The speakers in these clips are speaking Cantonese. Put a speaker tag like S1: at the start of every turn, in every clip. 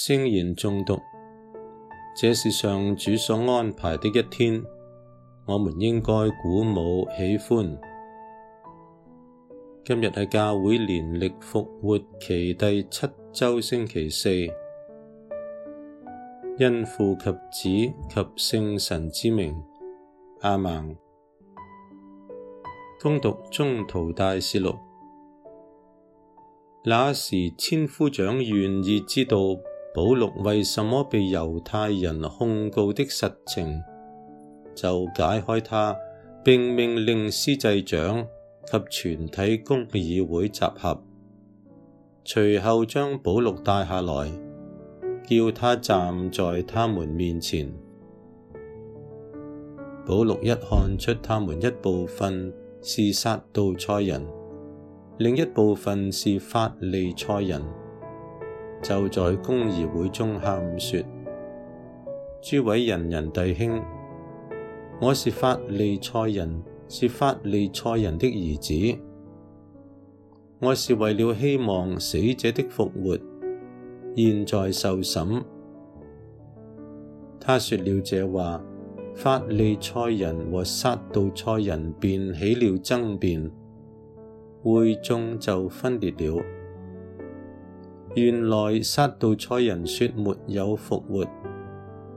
S1: 聲言誦讀，這是上主所安排的一天，我們應該鼓舞喜歡。今日係教會年曆復活期第七周星期四，因父及子及聖神之名，阿門。恭讀宗徒大事錄，那時千夫長願意知道。保祿為什麼被猶太人控告的實情，就解開他，並命令司祭長及全體公議會集合，隨後將保祿帶下來，叫他站在他們面前。保祿一看出他們一部分是撒杜塞人，另一部分是法利塞人。就在公義會中喊說：諸位仁人弟兄，我是法利塞人，是法利塞人的兒子，我是為了希望死者的復活，現在受審。他說了這話，法利塞人和撒杜塞人便起了爭辯，會眾就分裂了。原來撒杜塞人說沒有復活，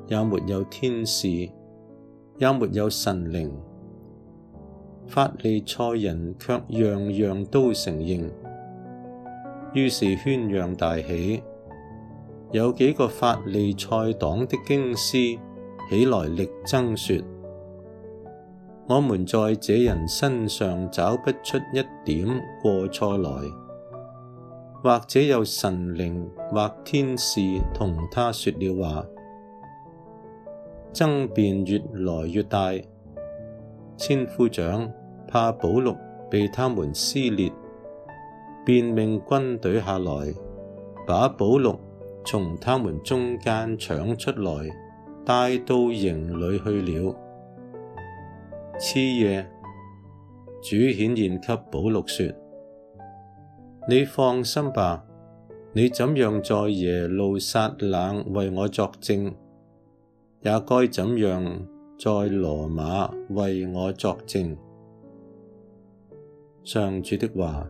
S1: 也沒有天使，也沒有神靈。法利塞人卻樣樣都承認。於是喧嚷大起，有幾個法利塞黨的經師起來力爭說：我們在這人身上找不出一點過錯來。或者有神靈或天使同他說了話，爭辯越來越大。千夫長怕保祿被他們撕裂，便命軍隊下來，把保祿從他們中間搶出來，帶到營裏去了。次夜，主顯現給保祿說。你放心吧，你怎樣在耶路撒冷為我作證，也該怎樣在羅馬為我作證。上主的話，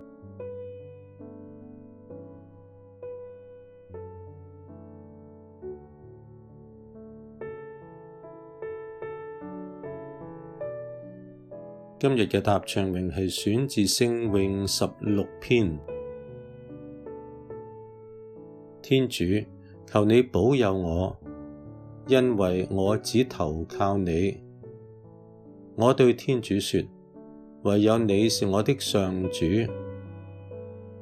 S1: 今日嘅答唱詠係選自聖詠十六篇。天主，求你保佑我，因為我只投靠你。我對天主說：唯有你是我的上主，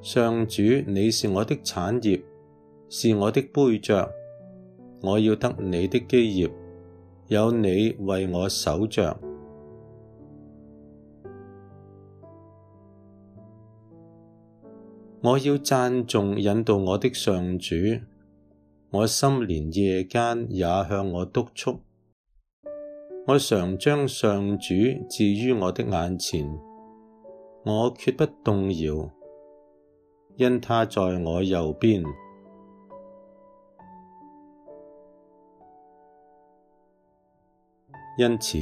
S1: 上主，你是我的產業，是我的杯爵。我要得你的基業，有你為我守着。我要讚頌引導我的上主，我心連夜間也向我督促。我常將上主置於我的眼前，我決不動搖，因他在我右邊。因此，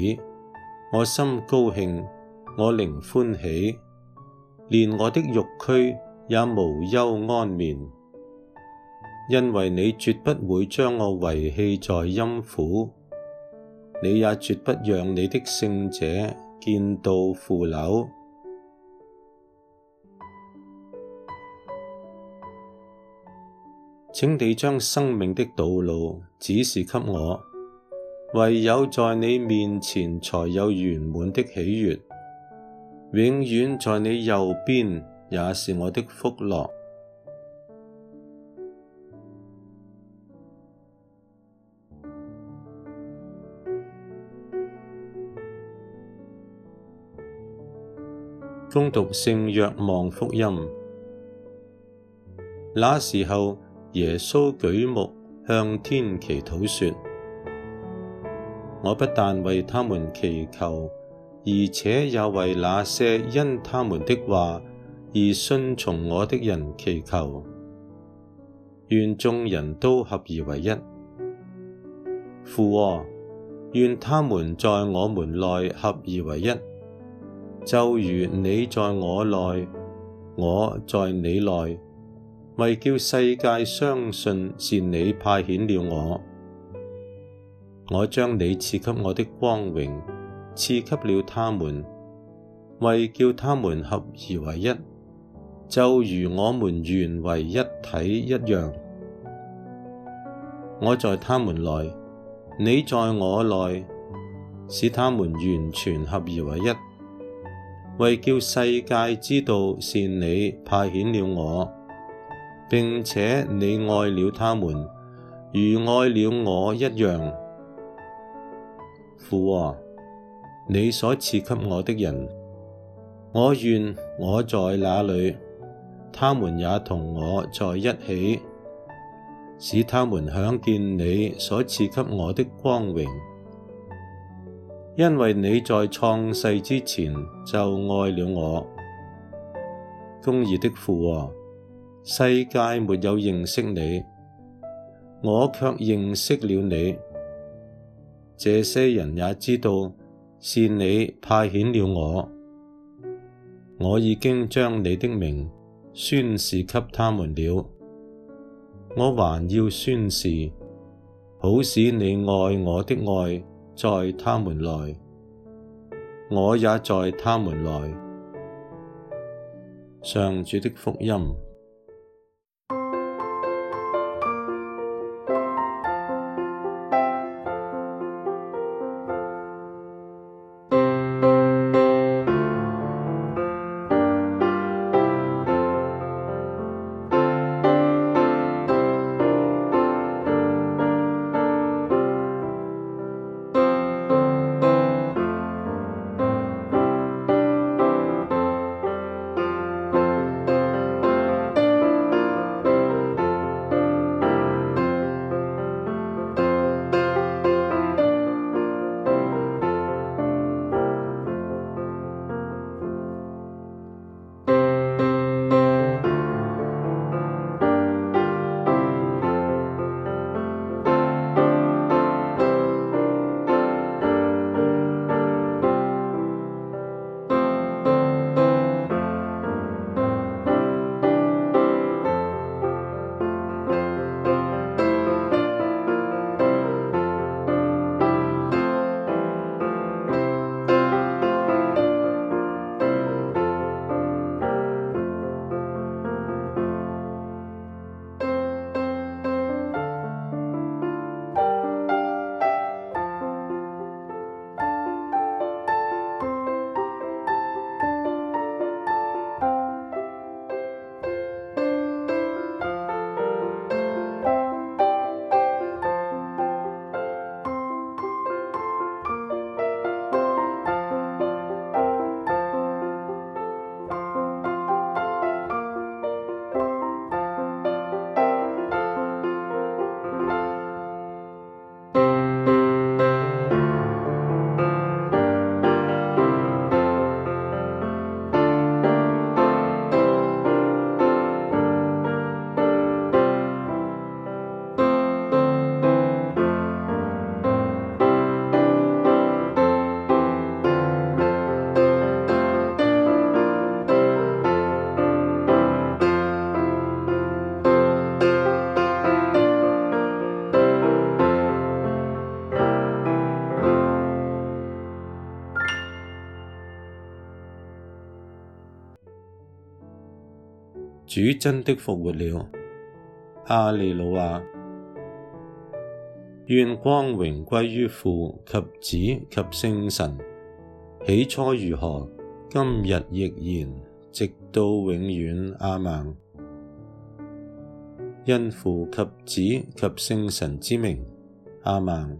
S1: 我心高興，我靈歡喜，連我的肉軀。也無憂安眠，因為你絕不會將我遺棄在陰府，你也絕不讓你的聖者見到腐朽。請你將生命的道路指示給我，唯有在你面前才有圓滿的喜悅，永遠在你右邊。也是我的福樂。恭讀聖若望福音，那時候耶穌舉目向天祈禱，說：我不但為他們祈求，而且也為那些因他們的話。而信從我的人，祈求，願眾人都合而為一！父啊！願他們在我們內合而為一，就如你在我內，我在你內，為叫世界相信是你派遣了我，我將你賜給我的光榮賜給了他們，為叫他們合而為一。就如我們原為一體一樣，我在他們內，你在我內，使他們完全合而為一，為叫世界知道是你派遣了我，並且你愛了他們，如愛了我一樣。父啊，你所賜給我的人，我願我在那裡。他們也同我在一起，使他們享見你所賜給我的光榮，因為你在創世之前就愛了我，公義的父啊，世界沒有認識你，我卻認識了你，這些人也知道是你派遣了我，我已經將你的名。宣示給他們了，我還要宣示，好使你愛我的愛在他們內，我也在他們內。上主的福音。主真的復活了。阿里路亞：願光榮歸於父及子及聖神。起初如何，今日亦然，直到永遠。阿孟。因父及子及聖神之名。阿孟。